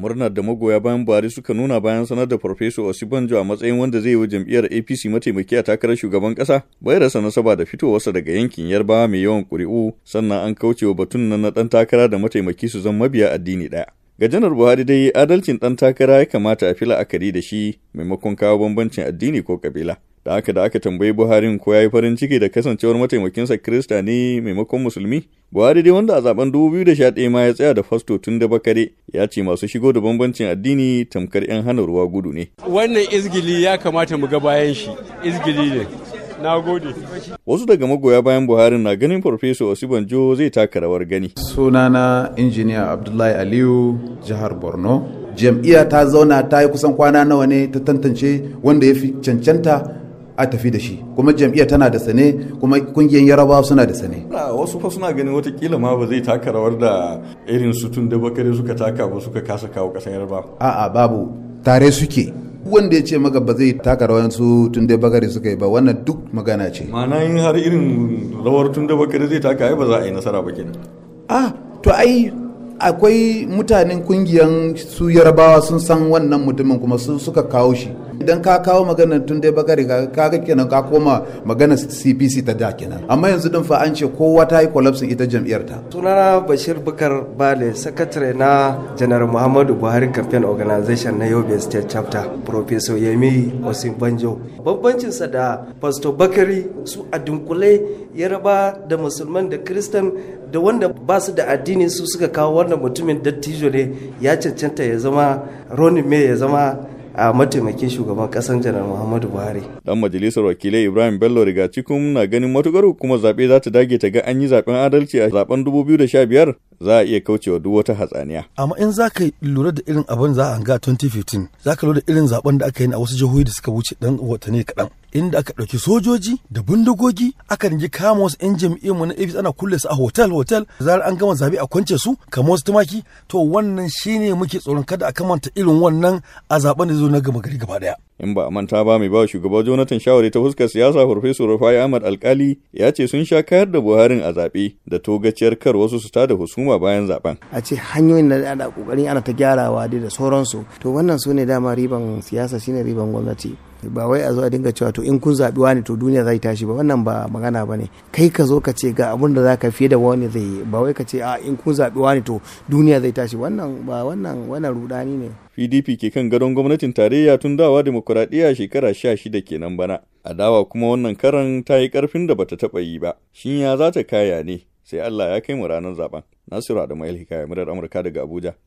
murnar da magoya bayan buhari suka nuna bayan sanar da farfesa osibanjo a matsayin wanda zai yi wa jam'iyyar apc mataimaki a takarar shugaban kasa bai rasa nasaba da fitowarsa daga yankin yarbawa mai yawan ƙuri'u sannan an kauce wa batun nan na ɗan takara da mataimaki su zan mabiya addini ɗaya ga janar buhari dai adalcin ɗan takara ya kamata a fi la'akari da shi maimakon kawo bambancin addini ko kabila da aka da aka tambayi buharin ko ya yi farin ciki da kasancewar mataimakinsa krista ne maimakon musulmi buhari dai wanda a zaben 2011 ma ya tsaya da fasto tun da bakare ya ce masu shigo da bambancin addini tamkar 'yan hana ruwa gudu ne wannan izgili ya kamata mu ga bayan shi izgili ne na wasu daga magoya bayan buhari na ganin farfesa osibanjo zai taka rawar gani sunana injiniya abdullahi aliyu jihar borno jam'iyya ta zauna ta yi kusan kwana nawa ne ta tantance wanda ya fi cancanta a tafi da shi kuma jam'iyyar tana da sane kuma kungiyar yarabawa suna da sane wasu fa suna ganin watakila ma ba zai taka rawar da irin su tun da bakare suka taka ba suka kasa kawo kasan yarbawa a'a babu tare suke wanda ya ce maka ba zai taka rawar su tun da bakare suka yi ba wannan duk magana ce ma'ana yin har irin rawar tun da bakare zai taka ai ba za a yi nasara ba kenan a to ai akwai mutanen kungiyar su yarabawa sun san wannan mutumin kuma su suka kawo shi idan ka kawo magana tun dai bakari ka ga kenan ka koma magana cpc ta da kenan amma yanzu din fa an ce kowa ta yi kwalafsin ita jam'iyyar ta sunana bashir bukar bale sakatare na janar muhammadu buhari campaign organization na yobe state chapter professor yemi osinbanjo sa da pastor bakari su a dunkule da musulman da kristan da wanda ba su da addini su suka kawo wannan mutumin dattijo ne ya cancanta ya zama ronin me ya zama a mataimakin shugaban kasan janar muhammadu buhari dan majalisar wakilai ibrahim bello riga cikin na ganin matukar kuma zaɓe za ta dage ta ga an yi zaɓen adalci a zaɓen 2015 za a iya kaucewa duk wata hatsaniya amma in za ka lura da irin abin za a hanga 2015 za ka lura da irin zaɓen da aka yi a wasu jihohi da suka wuce dan watanni kaɗan inda aka ɗauki sojoji da bindigogi aka ringi kama wasu 'yan jam'iyyar mu na APC ana kulle su a hotel hotel zarar an gama zabe a kwance su kamar wasu tumaki to wannan shine muke tsoron kada a kamanta irin wannan a zaben da zo na gama gari gaba daya in ba a manta ba mai ba shugaba Jonathan shawari ta fuskar siyasa farfesu Rufai Ahmad Alkali ya ce sun sha kayar da Buharin a zaɓe da togaciyar kar wasu su tada husuma bayan zaben. A ce hanyoyin da ana kokarin ana ta gyarawa da sauransu to wannan su ne dama riban siyasa shine riban gwamnati ba wai a zo a dinga cewa to in kun zaɓi wani to duniya zai tashi ba wannan ba magana ba ne kai ka zo ka ce ga abun da za ka fiye da wani zai yi ba wai ka ce a ah, in kun zaɓi wani to duniya zai tashi wannan ba wannan wannan rudani ne pdp ke kan gadon gwamnatin tarayya tun dawa demokuraɗiyya shekara sha shida kenan bana adawa kuma wannan karan ta yi ƙarfin da bata taɓa yi ba shin ya za ta kaya ne sai allah ya kai mu ranar zaben nasiru adamu hikaya murar amurka daga abuja